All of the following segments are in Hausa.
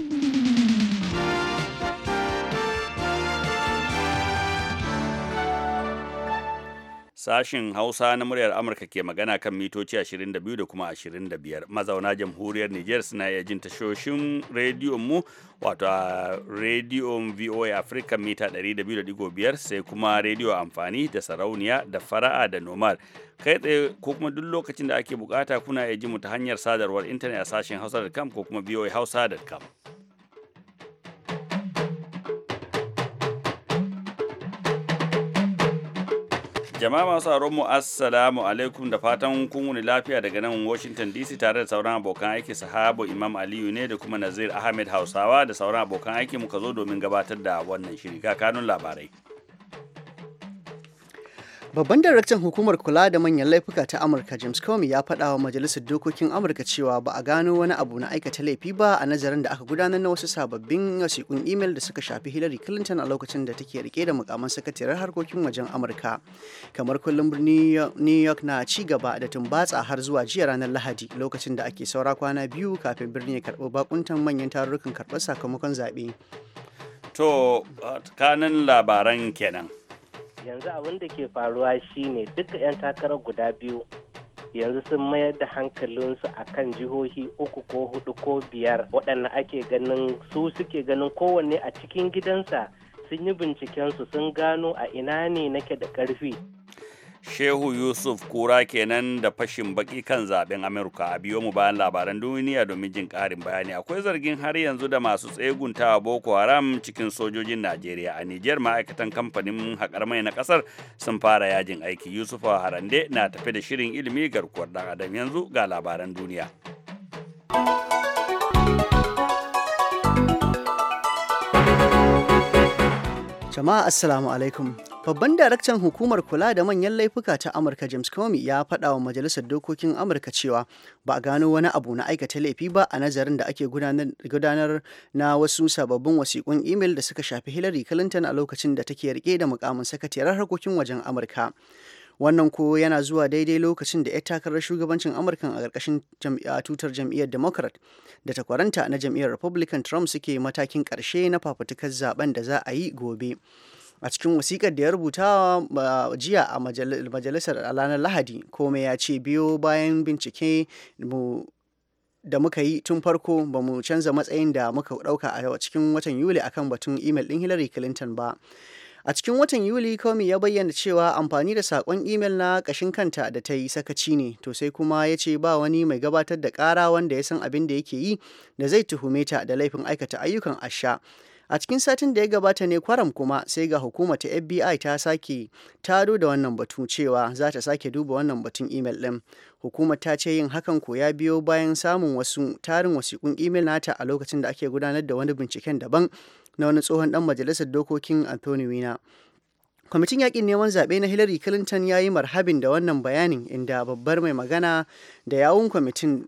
Mm-hmm. Sashin Hausa na muryar Amurka ke magana kan mitoci 22 da kuma 25. Mazauna jamhuriyar niger suna iya jin tashoshin rediyon mu wato a rediyon VOA Africa mita 200.5 sai kuma rediyo amfani da sarauniya da fara'a da nomar. Kai tsaye ko kuma duk lokacin da ake bukata kuna iya ji mu ta hanyar sadarwar intanet a sashin hausa.com ko kuma voa hausa.com Jama'a masu aron mu assalamu alaikum da fatan kun lafiya daga nan Washington DC tare da sauran abokan aiki sahabo Imam Aliyu ne da kuma Nazir Ahmed Hausawa da sauran abokan aiki muka zo domin gabatar da wannan shiri ga kanun labarai. Babban daraktan hukumar kula da manyan laifuka ta Amurka James Comey ya faɗa wa Majalisar Dokokin Amurka cewa ba a gano wani abu na aikata laifi ba a nazarin da aka gudanar na wasu sababbin wasiƙun imel da suka shafi Hillary Clinton a lokacin da take rike da mukamin sakataren harkokin wajen Amurka. Kamar kullum New York na ci gaba da tumbatsa har zuwa jiya ranar Lahadi lokacin da ake saura kwana biyu kafin birni ya karɓi bakuntan manyan tarurrukan karɓar sakamakon zaɓe. To, kanan labaran kenan. yanzu abin da ke faruwa shine duka 'yan takarar guda biyu yanzu sun mayar da hankalinsu a kan jihohi uku ko hudu ko biyar waɗanda ake ganin su suke ganin kowanne a cikin gidansa sun yi bincikensu sun gano a ina ne nake da ƙarfi Shehu Yusuf Kura kenan da fashin baki kan zaben Amurka a biyo mu bayan labaran duniya domin jin ƙarin bayani. Akwai zargin har yanzu da masu tseguntawa Boko Haram cikin sojojin Najeriya. A Nijar ma'aikatan kamfanin haƙar mai na ƙasar sun fara yajin aiki. Yusuf Harande na tafi da shirin ilimi garkuwar ɗan adam yanzu ga labaran duniya. Jama'a Assalamu alaikum. Babban daraktan hukumar kula da manyan laifuka ta Amurka James Comey ya faɗa wa Majalisar Dokokin Amurka cewa ba a gano wani abu na aikata laifi ba a nazarin da ake gudanar na wasu sababbin wasiƙun imel da suka shafi Hillary Clinton a lokacin da take rike da mukamin sakatiyar harkokin wajen Amurka. wannan ko yana zuwa daidai lokacin da 'yar takarar shugabancin amurkan a ƙarƙashin tutar jam'iyyar democrat da takwaranta na jam'iyyar republican trump suke matakin ƙarshe na fafutukar zaben da za a yi gobe a cikin wasikar da ya rubuta jiya a majalisar ranar lahadi komai ya ce biyo bayan bincike mu da muka yi tun farko ba mu canza matsayin da muka ɗauka a cikin watan yuli akan batun imel din hillary clinton ba A cikin watan Yuli, komi ya bayyana cewa amfani da sakon imel na kashin kanta da ta yi sakaci ne, to sai kuma ya ce ba wani mai gabatar da kara wanda ya san abin da yake yi da zai tuhume ta da laifin aikata ayyukan asha. a cikin satin da ya gabata ne kwaram kuma sai ga hukumar ta fbi ta sake taro da wannan batu cewa za ta sake duba wannan batun imel ɗin hukumar ta ce yin hakan ko ya biyo bayan samun wasu tarin wasiƙun imel nata a lokacin da ake gudanar da wani binciken daban na wani tsohon dan majalisar dokokin anthony wina kwamitin yakin neman zaɓe na hillary clinton ya yi marhabin da wannan bayanin inda babbar mai magana da yawun kwamitin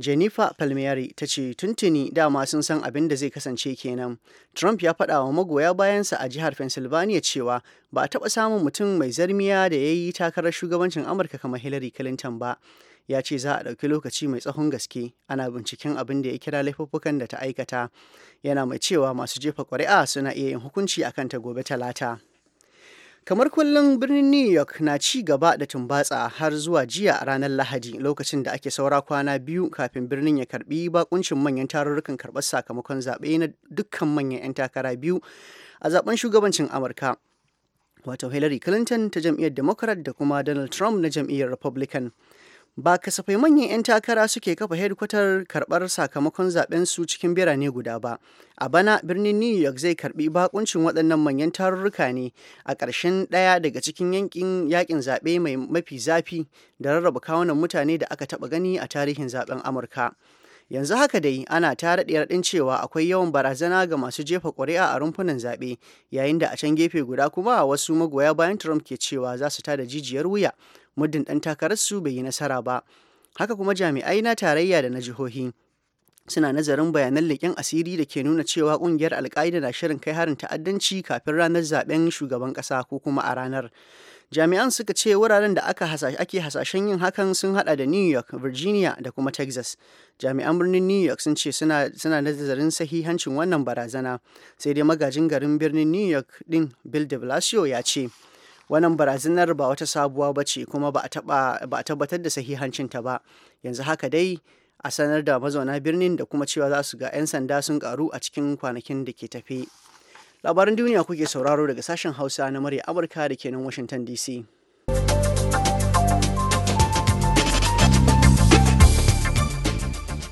Jennifer Palmieri ta ce tuntuni dama sun san abin da zai kasance kenan. Trump ya faɗa wa magoya bayansa a jihar Pennsylvania cewa ba a taɓa samun mutum mai zarmiya da ya yi takarar shugabancin Amurka kamar Hillary Clinton ba. Ya ce za a ɗauki lokaci mai tsahon gaske ana binciken abin da ya kira laifuffukan da ta aikata. Yana mai cewa masu jefa ƙuri'a suna iya yin hukunci akan ta gobe talata. Kamar kullum birnin New York na ci gaba da tumbatsa har zuwa jiya a ranar Lahadi lokacin da ake saura kwana biyu kafin birnin ya karbi bakuncin manyan tarurrukan karɓar sakamakon zaɓe na dukkan manyan 'yan takara biyu a zaben shugabancin Amurka. Wato Hillary Clinton ta jam'iyyar Democrat da kuma Donald Trump na jam'iyyar Republican. ba kasafai manyan 'yan takara suke kafa hedkwatar karbar sakamakon zaben su cikin birane guda ba a bana birnin new york zai karbi bakuncin waɗannan manyan tarurruka ne a ƙarshen ɗaya daga cikin yankin yakin zaɓe mai mafi zafi da rarraba kawunan mutane da aka taɓa gani a tarihin zaben amurka yanzu haka dai ana tara raɗin cewa akwai yawan barazana ga masu jefa ƙuri'a a rumfunan zaɓe yayin da a can gefe guda kuma wasu magoya bayan trump ke cewa za su tada jijiyar wuya muddin ɗan takararsu bai yi nasara ba haka kuma jami'ai na tarayya da na jihohi suna nazarin bayanan leƙen asiri da ke nuna cewa ƙungiyar alƙa'ida na shirin kai harin ta'addanci kafin ranar zaben shugaban ƙasa ko kuma a ranar jami'an suka ce wuraren da aka ake hasashen yin hakan sun hada da new york virginia da kuma texas jami'an birnin new york sun ce suna, nazarin sahihancin wannan barazana sai dai magajin garin birnin new york din bill de blasio ya ce wannan barazanar ba wata sabuwa ba ce kuma ba a tabbatar da sahihancinta ba yanzu haka dai a sanar da mazauna birnin da kuma cewa za su ga 'yan sanda sun karu a cikin kwanakin da ke tafe labaran duniya kuke sauraro daga sashen hausa na murya amurka da ke nan washington dc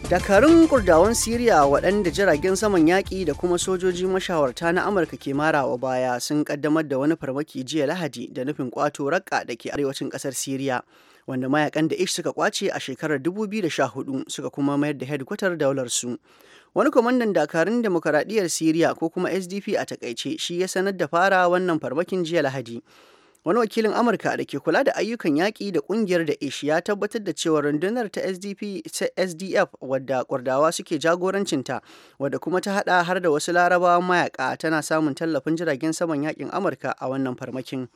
dakarun kurdawan siriya waɗanda jiragen saman yaƙi da kuma sojoji mashawarta na amurka ke marawa baya sun ƙaddamar da wani farmaki jiya lahadi da nufin ƙwato rakka da ke arewacin ƙasar siriya wanda mayakan da ish suka kwace a shekarar 2014 suka kuma mayar da hedkwatar daular su wani kwamandan dakarun demokaradiyyar siriya ko kuma sdp a takaice shi ya sanar da fara wannan farmakin jiya lahadi Wani wakilin Amurka da ke kula da ayyukan yaƙi da ƙungiyar da ishi ya tabbatar da cewa rundunar ta SDP ta SDF wadda kwardawa suke jagorancinta wadda kuma ta haɗa har da wasu larabawan mayaka tana samun tallafin jiragen saman yaƙin Amurka a wannan farmakin.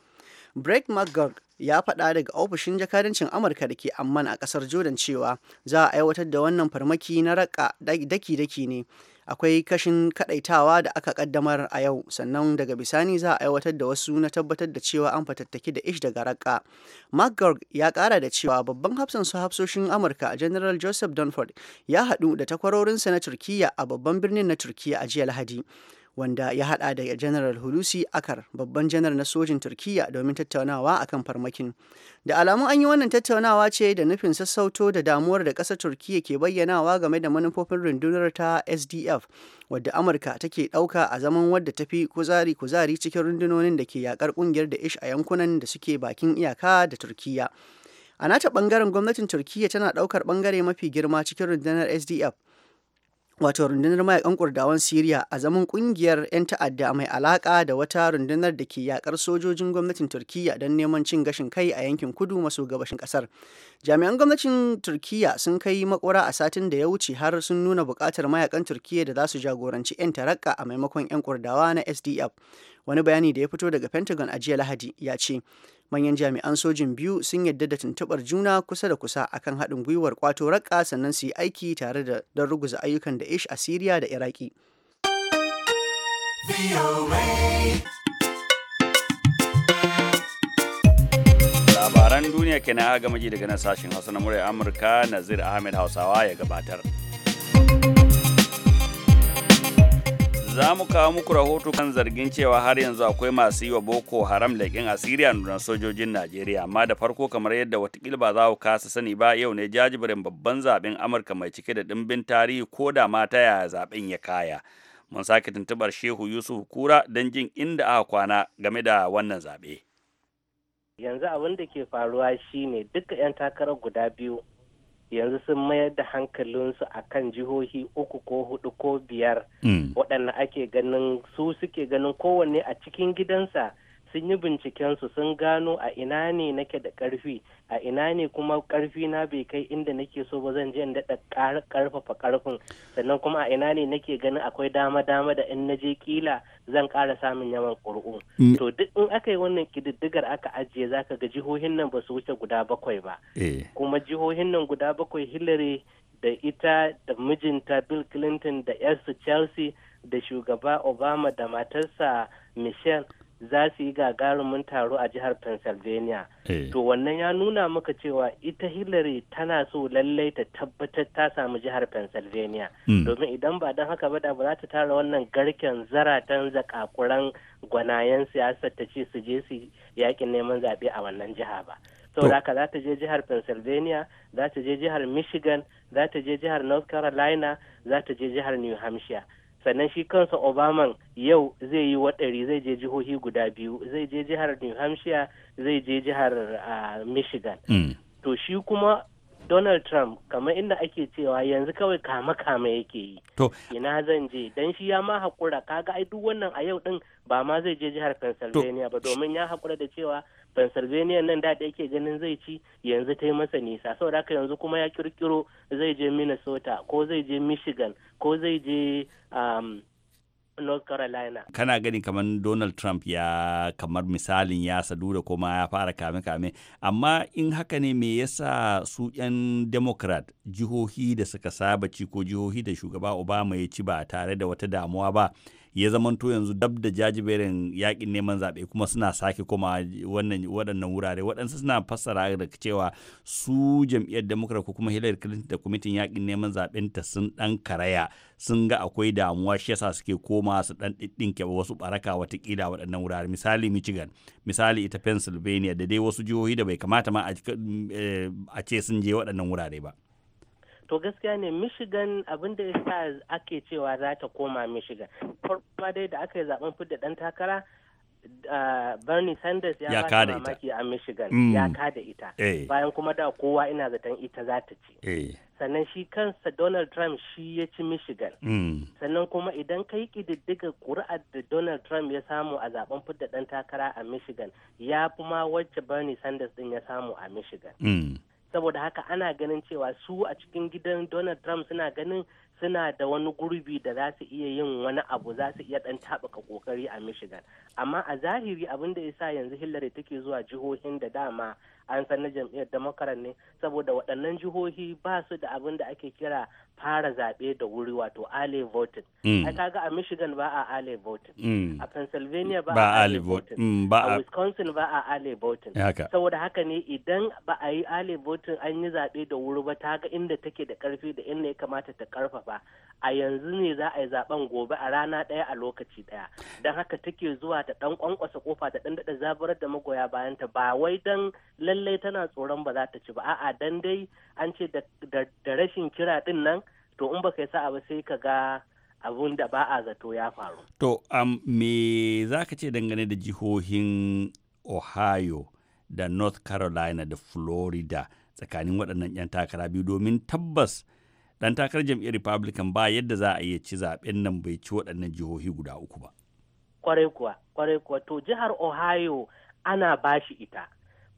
Brett McGurk ya faɗa daga ofishin jakadancin Amurka da ke Amman a ƙasar Jordan cewa za a aiwatar da wannan farmaki na raƙa daki-daki ne. akwai kashin kadaitawa da aka kaddamar a yau sannan daga bisani za a aiwatar da wasu na tabbatar da cewa an fatattaki da ish daga raka mcgurk ya kara da cewa babban hafsan su hafsoshin amurka general joseph dunford ya haɗu da takwarorinsa na turkiya a babban birnin na turkiya a jiya lahadi wanda ya hada da general hulusi akar babban janar na sojin turkiya domin tattaunawa akan farmakin da alamun an yi wannan tattaunawa ce da nufin sassauto da damuwar da ƙasar turkiya ke bayyanawa game da manufofin rundunar ta sdf wadda amurka take ɗauka a zaman wadda tafi kuzari kuzari cikin rundunonin da ke yakar kungiyar da ish a yankunan da suke bakin iyaka da turkiya a nata bangaren gwamnatin turkiya tana ɗaukar bangare mafi girma cikin rundunar sdf wato rundunar mayakan kurdawan Siriya a zaman kungiyar 'yan ta'adda mai alaka da wata rundunar da ke yakar sojojin gwamnatin Turkiyya don neman cin gashin kai a yankin kudu maso gabashin kasar. Jami'an gwamnatin Turkiyya sun kai makwara a satin da ya wuce har sun nuna bukatar mayakan Turkiyya da za su jagoranci 'yan tarakka a maimakon 'yan kurdawa na SDF. Wani bayani da ya fito daga Pentagon a jiya Lahadi ya ce manyan jami'an sojin biyu sun yadda da tuntuɓar juna kusa da kusa akan haɗin gwiwar kwato raƙa sannan su yi aiki tare da don ruguza ayyukan da ish a siriya da iraki labaran duniya kenan gama ji daga nan sashen hausa na murya amurka nazir ahmed hausawa ya gabatar za mu kawo muku rahoto kan zargin cewa har yanzu akwai masu yi wa boko haram leƙin asiriya nuna sojojin najeriya amma da farko kamar yadda watakila ba za ku kasa sani ba yau ne jajibirin babban zaɓen amurka mai cike da ɗimbin tarihi ko da ma ta yaya zaɓen ya kaya mun sake tuntubar shehu yusuf kura don jin inda aka kwana game da wannan zaɓe. yanzu abin da ke faruwa shine duka 'yan takarar guda biyu yanzu sun mayar da hankalinsu a kan jihohi uku ko hudu ko biyar mm. waɗanda ake ganin su suke ganin kowanne a cikin gidansa sun yi bincikensu sun gano a ina ne nake da ƙarfi a ina ne kuma ƙarfi na bai kai inda nake so ba zan je in daɗa ƙarfafa ƙarfin sannan kuma a ina ne nake ganin akwai dama dama da in naje kila zan ƙara samun yawan ƙuri'u mm. to duk in aka yi wannan kididdigar aka ajiye zaka ga jihohin nan ba su wuce guda bakwai ba eh. kuma jihohin nan guda bakwai hillary da ita da mijinta bill clinton da yarsu chelsea da shugaba obama da matarsa michelle za su yi gagarumin taro a jihar pennsylvania eh. to wannan ya nuna maka cewa ita hillary tana so lallai ta tabbatar ta samu jihar pennsylvania hmm. domin idan ba don haka ba da ba za ta tara wannan garken zaratan zakakuran gwanayen siyasar ta ce su je su yakin neman zaɓe a wannan jiha ba saboda za ta je jihar pennsylvania za ta je jihar michigan za ta je jihar north carolina za ta je jihar new hampshire sannan shi kansa obaman yau zai yi waɗari zai je jihohi guda biyu zai je jihar new hampshire zai je jihar uh, michigan mm. to shi kuma Donald Trump kamar inda ake cewa yanzu kawai kama-kama yake yi. To. Ina zan je dan shi ya ma haƙura kaga ai duk wannan a yau din ba ma zai je jihar Pennsylvania ba domin ya haƙura da cewa Pennsylvania nan da yake ganin zai ci yanzu ta yi masa nisa saboda haka yanzu kuma ya kirkiro zai je Minnesota ko zai je Michigan ko zai je um, North Carolina. Kana gani kamar Donald Trump ya kamar misalin ya sadu da kuma ya fara kame-kame. Amma in haka ne me yasa su 'yan Democrat jihohi da suka saba ci ko jihohi da shugaba Obama ya ci ba tare da wata damuwa ba ya zamanto yanzu dab da jajiberin yakin neman zaɓe kuma suna sake koma wannan waɗannan wurare waɗansu suna fassara da cewa su jam'iyyar democrat ko kuma hillary clinton da kwamitin yakin neman zaɓen ta sun ɗan karaya sun ga akwai damuwa shi yasa suke koma su ɗan ɗinke wasu baraka watakila waɗannan wurare misali michigan misali ita pennsylvania da dai wasu jihohi da bai kamata ma a eh, ce sun je waɗannan wurare ba. to gaskiya ne michigan abin da sa ake cewa za ta koma michigan farko dai da aka yi zaben fidda dan takara Uh, Bernie Sanders ya, ba ta mamaki a Michigan mm. ya kada ita eh. bayan kuma da kowa ina zaton ita za ta ci hey. Eh. sannan shi kansa Donald Trump shi ya ci Michigan mm. sannan kuma idan ka yi ƙididdiga ƙuri'ar da Donald Trump ya samu a zaben fidda ɗan takara a Michigan ya fi ma wacce Bernie Sanders din ya samu a Michigan mm. saboda haka ana ganin cewa su a cikin gidan donald trump suna ganin suna da wani gurbi da za su iya yin wani abu za su iya dan taɓuka kokari a michigan amma a zahiri abin da sa yanzu hillary take zuwa jihohin da dama an san na jam'iyyar democrat ne saboda waɗannan jihohi ba su da abin da ake kira fara zaɓe da wuri wato early voting mm. ai kaga a Michigan ba a early voting mm. a Pennsylvania ba a early voting mm, a Wisconsin ba a early voting eh, saboda haka ne idan ba a yi early voting an yi zaɓe da wuri ba ta ga inda take da karfi da inda ya kamata ta karfafa a yanzu ne za a yi zaɓen gobe a rana ɗaya a lokaci ɗaya don haka take zuwa ta ɗan kwankwasa kofa ta ɗan daɗa zaburar da magoya bayanta ba wai dan lallai tana tsoron ba za ta ci ba a'a dan dai an ce da rashin kira ɗin nan to in baka sa sa'a ba sai ka ga abun da ba a zato ya faru. To, am me za ka ce dangane da jihohin Ohio da North Carolina da Florida tsakanin waɗannan 'yan takara biyu domin tabbas ɗan takarar jam'iyyar Republican ba yadda za a iya ci zaɓen nan bai ci waɗannan jihohi guda uku ba. Kwarai kuwa, kwarai kuwa, to jihar Ohio ana ba shi ita.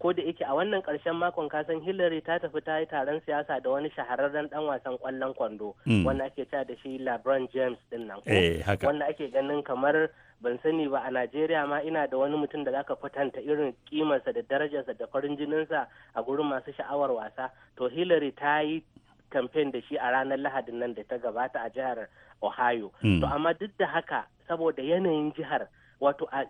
ko da yake a wannan karshen makon kasan hillary ta tafi ta yi taron siyasa da wani shahararren dan wasan kwallon kwando hmm. wanda ake cewa da shi lebron james din nan eh, wanda ake ganin kamar ban sani ba a najeriya ma ina da wani mutum da zaka kwatanta irin kimarsa da darajarsa da farin jininsa a gurin masu sha'awar wasa to hillary ta yi kamfen da shi a ranar lahadin nan da ta gabata a jihar ohio hmm. to amma duk da haka saboda yanayin jihar wato a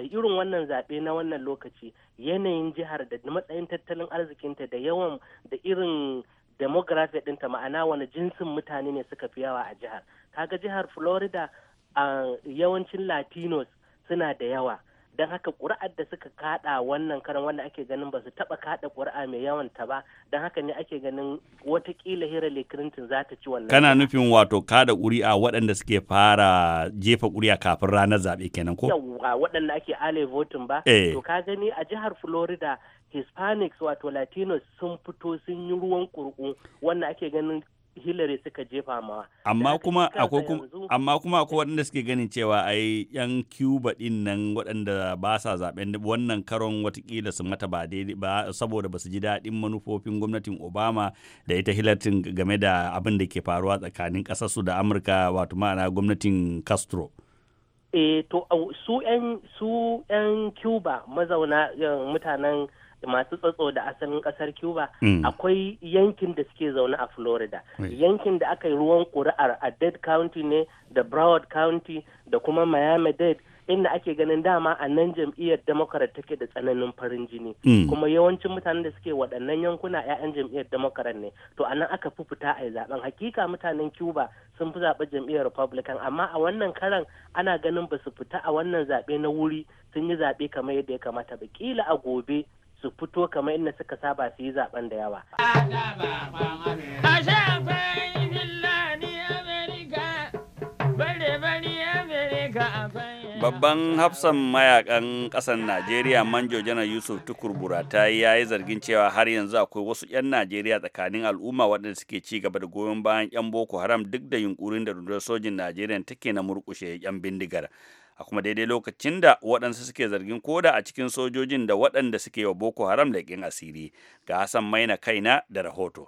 irin wannan zaɓe na wannan lokaci yanayin jihar da matsayin tattalin arzikinta da yawan da irin demography ɗinta ma'ana wani jinsin mutane ne suka fi yawa a jihar kaga jihar florida yawancin latinos suna da yawa don haka ƙuri'ar da suka kaɗa wannan karan wanda ake ganin ba su taba kada ƙuri'a mai yawan ta ba don haka ne ake ganin watakila hira Clinton za ta ci wannan kana nufin wato kada ƙuri'a waɗanda suke fara jefa ƙuri'a kafin ranar zaɓe kenan ko waɗanda ake ale votin ba eh. to ka gani a jihar Florida Hispanics wato Latinos sun fito sun yi ruwan ƙurƙu wanda ake ganin Hillary suka jefa ma. Amma kuma akwai waɗanda suke ganin cewa ai yan Cuba ɗin nan waɗanda ba sa zaɓen wannan karon watakila su mata ba daidai ba saboda ba su ji daɗin manufofin gwamnatin Obama da ita Hillary game da abin da ke faruwa tsakanin ƙasarsu da Amurka wato ma'ana gwamnatin Castro. E to su 'yan Cuba mazauna eh, mutanen masu tsatso da asalin kasar cuba mm. akwai yankin da suke zaune a florida yankin da aka yi ruwan kuri'ar a dead county ne da broward county da kuma miami dade inda ake ganin dama a nan jam'iyyar democrat take da tsananin farin jini mm. kuma yawancin mutanen da suke waɗannan yankuna 'ya'yan jam'iyyar democrat ne to a nan aka fi fita a yi zaben hakika mutanen cuba sun fi zaɓe jam'iyyar republican amma a wannan karan ana ganin ba su fita a wannan zaɓe na wuri sun yi zaɓe kamar yadda ya kamata ba kila a gobe su fito kamar inda suka saba su yi zaben da yawa. Babban hafsan mayakan ƙasar Najeriya Manjo Janar Yusuf Tukur Burata ya yi zargin cewa har yanzu akwai wasu 'yan Najeriya tsakanin al'umma waɗanda suke ci gaba da goyon bayan 'yan Boko Haram duk da yunkurin da rundunar sojin Najeriya take na murƙushe 'yan bindigar. a kuma daidai lokacin da waɗansu suke zargin koda a cikin sojojin da waɗanda suke wa boko haram da ƙin asiri ga hassan maina kaina da rahoto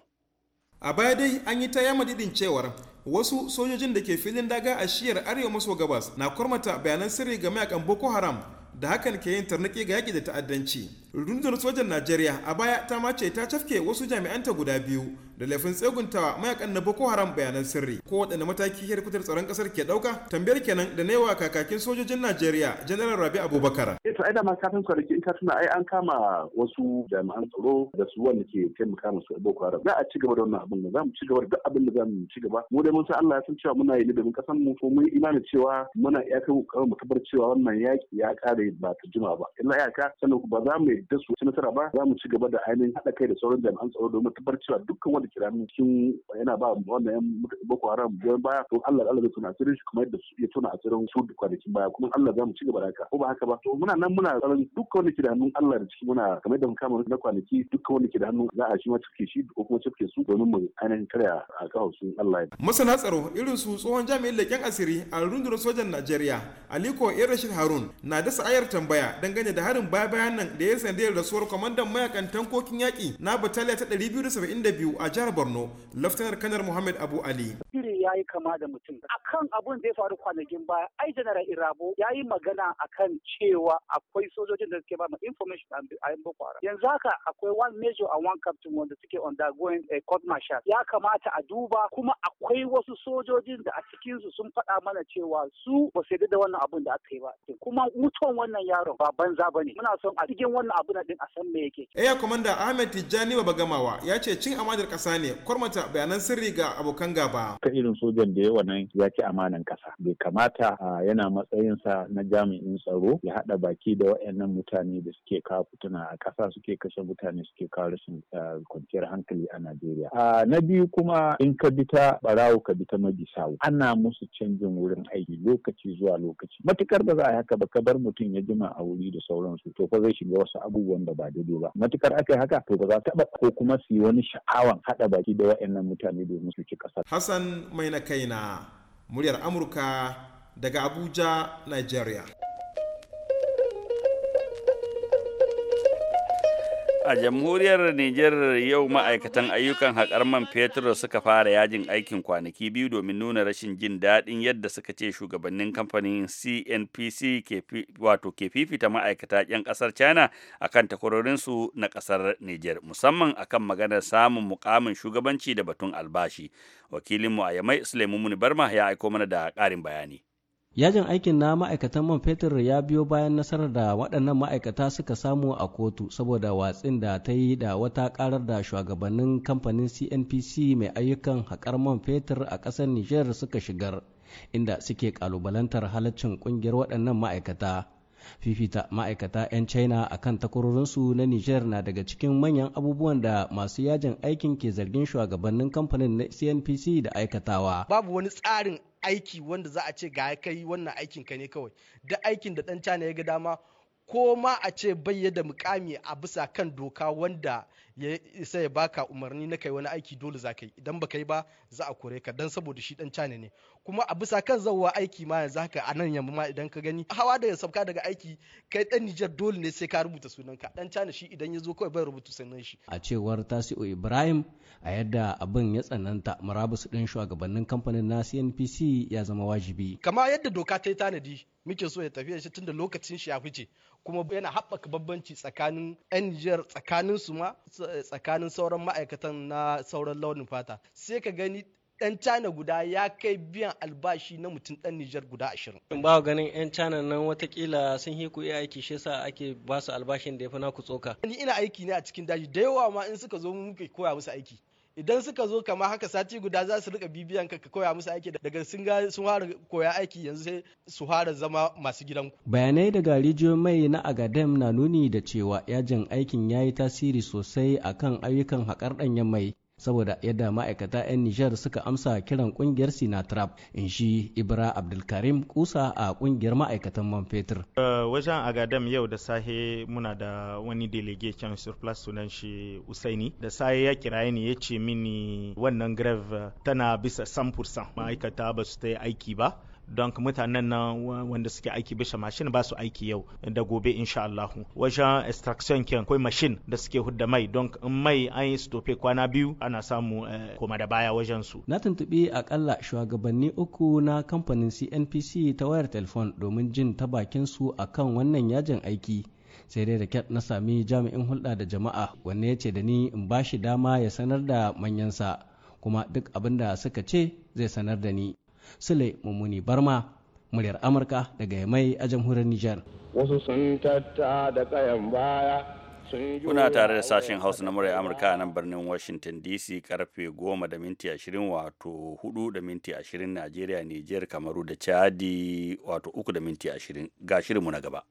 a baya dai an yi ta yama didin cewar wasu sojojin da ke filin daga a shiyar arewa maso gabas na kwarmata bayanan sirri ga mayakan boko haram da hakan ke yin tarnaki ga yaƙi da ta'addanci rundunar sojan najeriya a baya ta mace ta cafke wasu jami'anta guda biyu da laifin tseguntawa mayakan na boko haram bayanan sirri ko waɗanne mataki rikutar tsaron ƙasar ke ɗauka tambayar kenan da na yawa kakakin sojojin najeriya janar rabi abubakar ita eh, ai da ma kafin kwanaki in ka tuna ai an kama wasu jami'an tsaro da su wanda ke taimaka musu boko haram za a ci gaba da wannan abin za mu ci gaba da abin da za mu ci gaba mu dai mun san Allah ya san cewa muna yi ne domin ƙasar mu ko mun imanin cewa muna iya kai mu kabar cewa wannan yaƙi ya ƙare ba ta jima ba illa iyaka sannan ba za mu yadda su ci nasara ba za mu ci gaba da ainihin haɗa kai da sauran jami'an tsaro domin tabbatar cewa dukkan wanda kira cikin yana ba wannan yan boko haram goyon baya to Allah Allah zai tuna sirrin shi kuma yadda ya tuna asirin su kwanakin baya kuma Allah za mu ci gaba da haka ko ba haka ba to muna nan muna tsaron dukkan wanda ke da Allah da ciki muna kamar da kama na kwanaki dukkan wanda ke da za a shi ma cike shi ko kuma cike su domin mu ainihin karya a kawo su Allah masana tsaro irin su tsohon jami'in leken asiri a rundunar sojan Najeriya Aliko Irashid Harun na dasa ayar ayar tambaya dangane da harin baya bayan nan da ya sandiyar rasuwar kwamandan mayakan tankokin yaƙi na bataliya ta 272 a jihar borno laftanar kanar muhammad abu ali ya yi kama da mutum. A kan abun da ya faru kwanakin baya, ai General Irabo ya yi magana a kan cewa akwai sojojin da suke ba mu information a yan Boko Haram. Yanzu haka akwai one major and one captain wanda suke undergoing a eh, court martial. Ya kamata a duba kuma akwai wasu sojojin da a cikinsu sun faɗa mana cewa su ba su yarda da wannan abun da aka yi ba. Kuma mutuwan wannan yaron ba banza ba ne. Muna son a cikin wannan abun din a san me yake. Eya Komanda Ahmed Tijjani Babagamawa ya ce cin amadar ƙasa ne kwarmata bayanan sirri ga abokan gaba. Ta irin cikin sojan da yawa nan ya ci amanan kasa bai kamata a yana matsayinsa na jami'in tsaro ya haɗa baki da waɗannan mutane da suke kawo fituna a kasa suke kashe mutane suke kawo rashin kwanciyar hankali a Najeriya. a Na biyu kuma in ka bi ta barawo ka bi ta sawu ana musu canjin wurin aiki lokaci zuwa lokaci matukar ba za a haka ba ka bar mutum ya jima a wuri da sauransu to fa zai shiga wasu abubuwan da ba daidai ba matukar aka yi haka to ba za ta ko kuma su yi wani sha'awan haɗa baki da waɗannan mutane domin su ci ƙasa. Hassan na kaina muryar amurka daga abuja nigeria A jamhuriyar Nijar yau ma'aikatan ayyukan haƙar man fetur suka fara yajin aikin kwanaki biyu domin nuna rashin jin daɗin yadda suka ce shugabannin kamfanin CNPC wato ke fifita ma'aikata 'yan ƙasar China akan takwarorinsu na ƙasar Nijar musamman akan maganar samun mukamin shugabanci da batun albashi. Wakilinmu a Yamai Suleiman Barma ya aiko mana da ƙarin bayani. Yajin aikin na ma'aikatan man fetur ya biyo bayan nasarar da waɗannan ma'aikata suka samu a kotu saboda watsin da ta yi da wata ƙarar da shugabannin kamfanin CNPC mai ayyukan haƙar man fetur a ƙasar Nijar suka shigar, inda suke ƙalubalantar halaccin ƙungiyar waɗannan ma'aikata. fifita ma'aikata 'yan china a kan takwarorinsu na niger na daga cikin manyan abubuwan da masu yajin aikin ke zargin shugabannin kamfanin na cnpc da aikatawa babu wani tsarin aiki wanda za a ce ga kai wannan aikin ka ne kawai da aikin da dan china ya ga dama ko ma a ce bai da mukami a bisa kan doka wanda ya isa ya baka umarni na kai wani aiki dole za ka yi idan baka yi ba za a kore ka dan saboda shi dan cana ne kuma a bisa kan zauwa aiki ma yanzu haka a nan yamma ma idan ka gani hawa daga sabka daga aiki kai dan Nijar dole ne sai ka rubuta sunan ka dan cana shi idan ya zo kawai bai rubuta sunan shi a cewar Tasi'u Ibrahim a yadda abin ya tsananta murabus din shugabannin kamfanin na CNPC ya zama wajibi kama yadda doka ta yi tanadi muke so ya tafi shi tunda lokacin shi ya fice kuma yana haɓaka babbanci tsakanin 'yan Nijar tsakanin su ma tsakanin sauran ma'aikatan na sauran launin fata sai ka gani ɗan China guda ya kai biyan albashi na mutum ɗan Nijar guda ashirin. In Ba ganin 'yan China nan watakila sun hiku iya aiki shi yasa ake ba su albashin da ya fi naku tsoka. Ni ina aiki ne a cikin daji da yawa ma in suka zo muka koya musu aiki. idan suka zo kamar haka sati guda za su rika bibiyan ka koya musu aiki daga sun ga sun fara koya aiki yanzu sai su fara zama masu gidanku bayanai daga rijiyoyin mai na agadem na nuni da cewa yajin aikin ya yi tasiri sosai akan ayyukan haƙar ɗanyen mai saboda yadda ma'aikata 'yan Nijar suka amsa kiran kungiyar Sinatrap in shi Ibra Abdulkarim kusa a kungiyar ma'aikatan man fetur. Uh, wajen Agadam yau da sahe muna da wani delegation surplus sunan shi Usaini da sahe ya kiraye ni ya ce mini wannan greve tana bisa 100% ma'aikata ba su ta yi aiki ba don mutanen nan wanda suke aiki bisa mashin ba su aiki yau da gobe insha Allah wajen extraction ken akwai mashin da suke hudda mai don in mai an yi stofe kwana biyu ana samu eh, koma da baya wajen su na tuntubi akalla shugabanni uku na kamfanin CNPC ta wayar telefon domin jin ta bakin su akan wannan yajin aiki sai dai da na sami jami'in hulɗa da jama'a wanne ya ce da ni in ba shi dama ya sanar da manyansa kuma duk abin da suka ce zai sanar da ni Sule Mummuni Barma, muryar Amurka daga Yamai a jamhuriyar Nijar. Wasu sun tatta da kayan baya Kuna tare da sashen Hausa na murai Amurka a nan birnin Washington DC karfe 10 da minti 20 wato 4 da minti 20 Najeriya, Nijar, Kamaru da Chadi wato 3 da minti 20 ga shirinmu na gaba.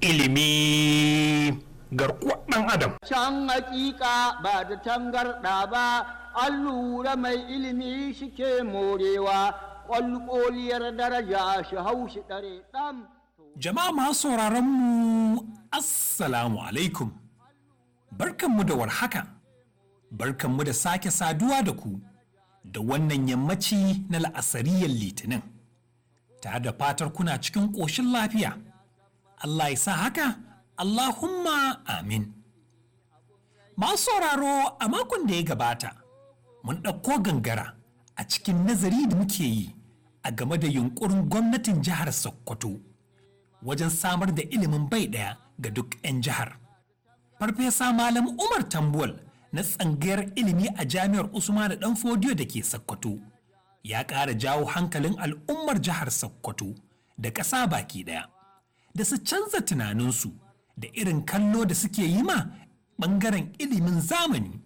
Ilimi garkuwar ɗan adam. Can hakika ba da tangarɗa ba, an lura mai ilimi shike morewa ƙwalƙoliyar daraja shi haushi ɗare ɗan. Jama'a masu sauraron mu Assalamu alaikum. Barkanmu da warhaka. Barkanmu da sake saduwa da ku da wannan yammaci na la'asariyar litinin. Ta da fatar kuna cikin ƙoshin lafiya. Allah ya sa haka, Allahumma amin. Masu sauraro a makon da ya gabata, mun ɗauko gangara a cikin nazari da muke yi. a game da yunkurin gwamnatin jihar Sokoto wajen samar da ilimin bai ɗaya ga duk 'yan jihar. Farfesa Malam Umar Tambuwal na tsangayar ilimi a jami'ar Usman ɗan Fodiyo da ke Sokoto ya ƙara jawo hankalin al'ummar jihar Sokoto da ƙasa baki ɗaya da su canza tunaninsu da irin kallo da suke yi ma ɓangaren ilimin zamani.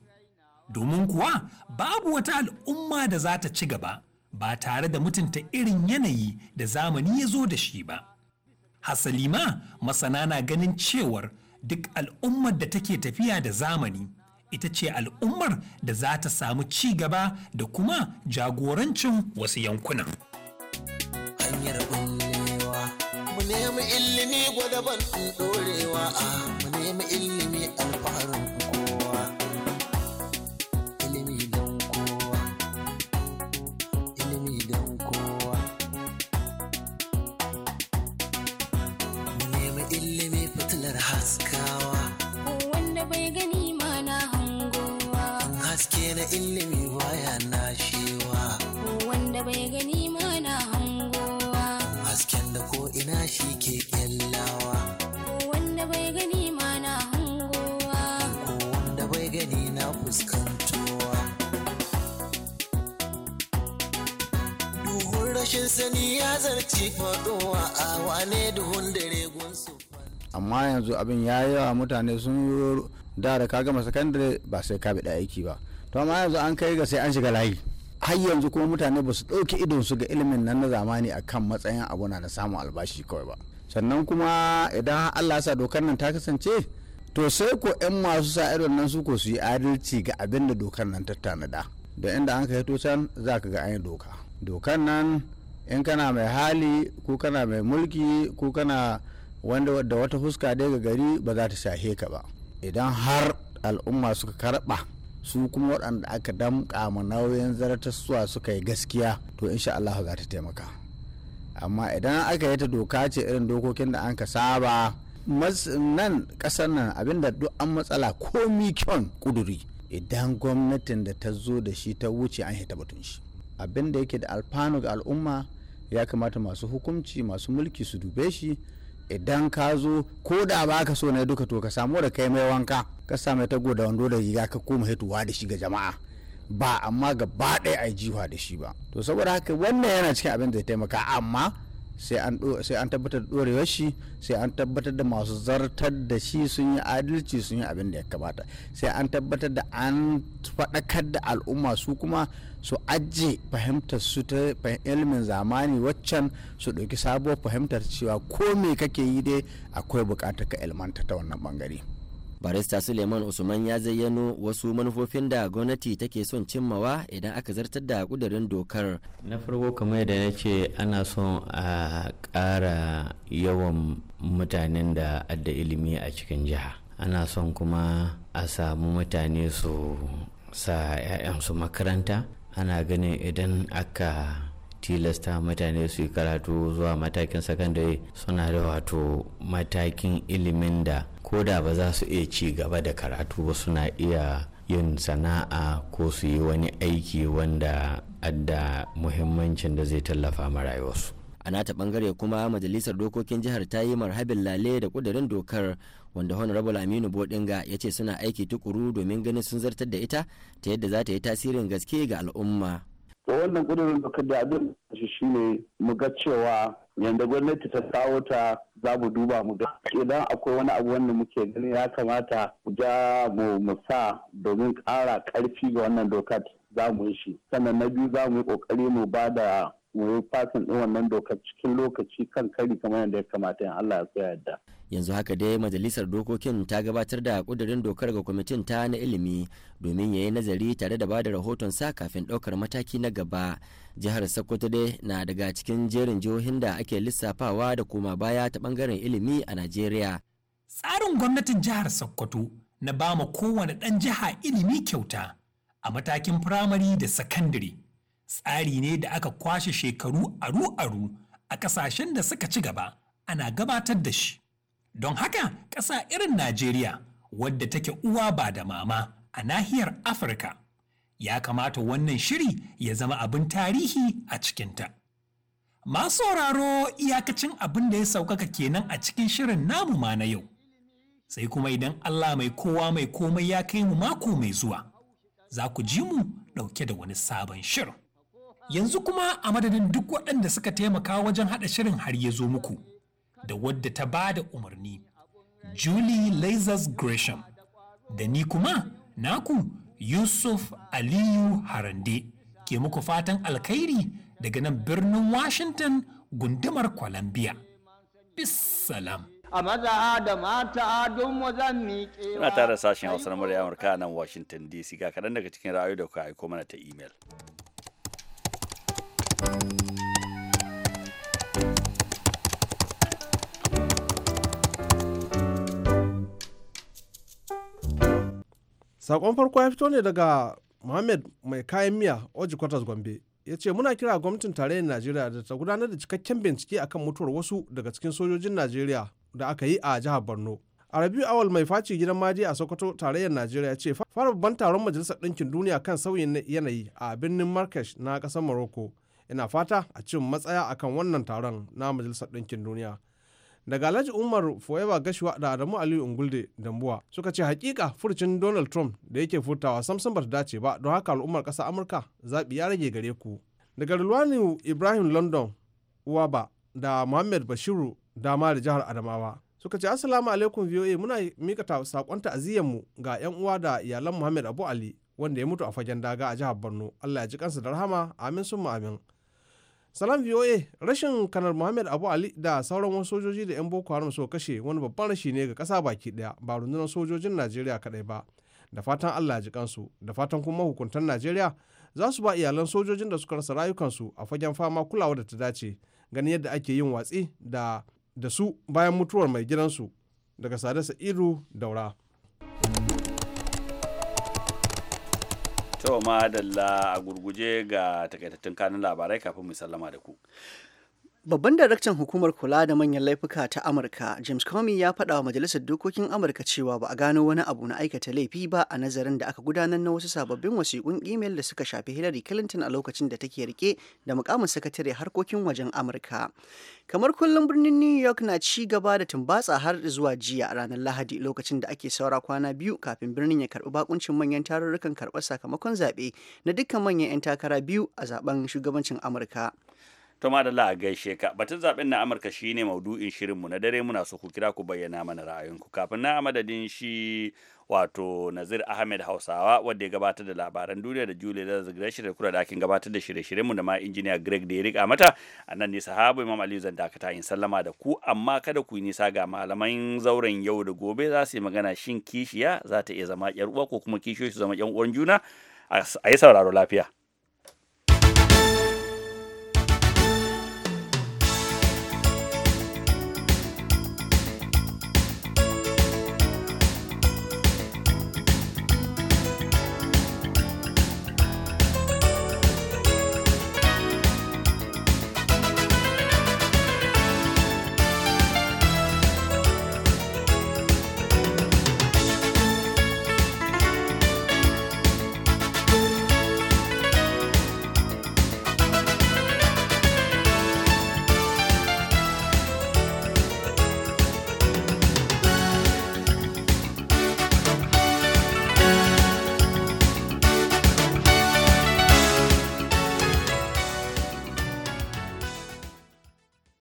Domin kuwa babu wata al'umma da za ta ci gaba ba tare da mutunta irin yanayi da zamani ya zo da shi ba. Hasali ma masana na ganin cewar duk al'ummar da take tafiya da zamani ita ce al'ummar da za ta samu ci gaba da kuma jagorancin wasu yankunan. Hanyar mu nemi ilimi ban ɗorewa, ah, mu nemi ilimi alfaharin ilimi baya nashewa wanda bai gani mana hangowa hasken da ko ina shi ke kyallawa wanda bai gani mana hangowa ko wanda bai gani na fuskantowa duhun rashin sani ya zarci faɗowa a wane duhun dare gunsu amma yanzu abin ya yawa mutane sun yi da da ka gama sakandare ba sai ka bi aiki ba to amma yanzu an kai ga sai an shiga layi har yanzu kuma mutane ba su ɗauki idon su ga ilimin nan na zamani a kan matsayin abu na samun albashi kawai ba sannan kuma idan Allah sa dokar nan ta kasance to sai ko 'yan masu sa idon nan su ko su yi adalci ga abin da dokar nan ta tanada da inda an kai to can za ka ga an yi doka dokar nan in kana mai hali ko kana mai mulki ko kana wanda da wata fuska daga gari ba za ta shahe ka ba idan har al'umma suka karɓa su kuma waɗanda aka damƙa ma nauyin zartaswa suka yi gaskiya to insha Allah za ta taimaka amma idan aka yi ta doka ce irin dokokin da an ka saba nan ƙasar nan abinda duk an matsala komi kyon ƙuduri idan gwamnatin da ta zo da shi ta wuce an hita batun shi abin da yake da alfanu ga al'umma ya kamata masu hukunci masu mulki su dube shi idan ka zo ko da ba ka so na duka to ka samu da kai mai wanka ka sa mai tago da wando da riga ka koma hituwa da shi ga jama'a ba amma gaba ɗaya a jiwa da shi ba to saboda haka wannan yana cikin abin da ya taimaka amma sai an tabbatar da ɗorewar shi sai an tabbatar da masu zartar da shi sun yi adalci sun yi abin da ya kamata sai an tabbatar da an faɗakar da al'umma su kuma su ajiye fahimtar su ta ilimin zamani waccan su ɗauki sabuwar fahimtar cewa ko me kake yi dai akwai buƙatar ka ilmanta ta wannan bangare. barista suleiman usman ya zayyano wasu manufofin da gwamnati take son cimmawa idan aka zartar da kudurin dokar na farko kamar da na ce ana son a ƙara yawan mutanen da adda ilimi a cikin jiha ana son kuma a samu mutane su sa 'ya'yansu makaranta ana ganin idan aka tilasta mutane su yi karatu zuwa matakin sakandare suna da wato matakin ilimin da ko da ba za su iya ci gaba da karatu ba suna iya yin sana'a ko su yi wani aiki wanda adda muhimmancin da zai tallafa ma rayuwarsu a nata bangare kuma majalisar dokokin jihar ta yi marhabin lale da kudurin dokar wanda honorable aminu bodinga ya ce suna aiki tukuru domin ganin sun zartar da ita ta yadda za ta yi tasirin gaske ga al'umma to wannan ƙudurin dokar da abin shi shine mu ga cewa yadda gwamnati ta kawo ta za mu duba mu ga idan akwai wani abu wanda muke ganin ya kamata mu ja mu musa domin ƙara ƙarfi ga wannan dokar za mu yi shi sannan na biyu za mu yi ƙoƙari mu ba da mu yi fasin ɗin wannan dokar cikin lokaci kan kari kamar yadda ya kamata in Allah ya yarda. yanzu haka dai majalisar dokokin ta gabatar da kudirin dokar ga kwamitin ta na ilimi domin ya yi nazari tare da bada rahoton sa kafin daukar mataki na gaba jihar sokoto dai na daga cikin jerin jihohin da ake lissafawa da koma baya ta bangaren ilimi a najeriya tsarin gwamnatin jihar sokoto na ba ma kowane ɗan jiha ilimi kyauta a matakin firamare da sakandare tsari ne da aka kwashe shekaru aru-aru a ƙasashen da suka ci gaba ana gabatar da shi Don haka ƙasa irin Najeriya wadda take uwa ba da mama a nahiyar Afirka ya kamata wannan shiri ya zama abin tarihi a cikinta. Masu sauraro iyakacin abin da ya saukaka kenan a cikin shirin namu ma na yau. Sai kuma idan Allah mai kowa mai komai ya kai mu mako mai zuwa, za ku ji mu ɗauke da wani sabon shirin. Yanzu kuma a madadin duk waɗanda suka taimaka wajen haɗa shirin har ya zo muku. da wadda ta ba da umarni julie lazarus gresham da ni kuma naku yusuf aliyu harande ke muku fatan alkhairi daga nan birnin washington gundumar columbia bisalam a maza da mata don mozambique muna tare tara sashen hausa na murya amurka nan washington dc ga kaɗan daga cikin ra'ayoyi da kuka aiko mana ta imel. sakon farko ya fito ne daga mohammed mai kayan miya oji kwatas gombe ya ce muna kira gwamnatin tarayyar najeriya da ta gudanar da cikakken bincike akan mutuwar wasu daga cikin sojojin najeriya da aka yi a jihar borno a rabiu awal mai faci gidan maji a sokoto tarayyar najeriya ya ce fara babban taron majalisar ɗinkin duniya kan sauyin yanayi a birnin marrakesh na ƙasar morocco ina fata a cin matsaya akan wannan taron na majalisar ɗinkin duniya daga alhaji umar forever gashuwa da adamu aliyu ungulde dambuwa suka ce hakika furcin donald trump da yake furtawa samson ba dace ba don haka al'ummar ƙasa amurka zaɓi ya rage gare ku daga rilwani ibrahim london uwaba da muhammad bashiru dama da jihar adamawa suka ce assalamu alaikum voa muna mika sakon mu ga yan uwa da iyalan muhammed abu ali wanda ya mutu a fagen daga a jihar borno allah ya ji kansa da rahama amin sun amin salam voa rashin kanar muhammad abu ali da sauran wasu sojoji da yan boko haram so kashe wani babban rashi ne ga kasa baki daya ba rundunar sojojin najeriya kadai ba da fatan allah ji kansu da fatan kuma hukuntan najeriya za su ba iyalan sojojin da suka rasa rayukansu a fagen fama kulawa da ta dace ganin yadda ake yin watsi da su bayan mutuwar mai gidansu daga sadasa iru daura To madalla a gurguje ga takaitattun kanun labarai kafin mu sallama da ku. Babban daraktan hukumar kula da manyan laifuka ta Amurka, James Comey ya faɗa wa Majalisar Dokokin Amurka cewa ba a gano wani abu na aikata laifi ba a nazarin da aka gudanar na wasu sababbin wasiƙun imel da suka shafi Hillary Clinton a lokacin da take rike da mukamin sakatare harkokin wajen Amurka. Kamar kullum birnin New York na ci gaba da tumbatsa har zuwa jiya ranar Lahadi lokacin da ake saura kwana biyu kafin birnin ya karɓi bakuncin manyan tarurrukan karɓar sakamakon zaɓe na dukkan manyan 'yan takara biyu a zaben shugabancin Amurka. to madalla a gaishe ka batun zaben na amurka shine maudu'in shirinmu na dare muna so ku kira ku bayyana mana ra'ayinku kafin na madadin shi wato nazir ahmed hausawa wanda ya gabatar da labaran duniya da julia da zagreshi da kura da gabatar da shirye-shiryenmu da ma injiniya greg da ya rika mata a nan ne sahabu imam Ali zan dakata in sallama da ku amma kada ku yi nisa ga malaman zauren yau da gobe za su yi magana shin kishiya za ta iya zama yar uwa ko kuma kishiyoyi su zama yan uwan juna a yi sauraro lafiya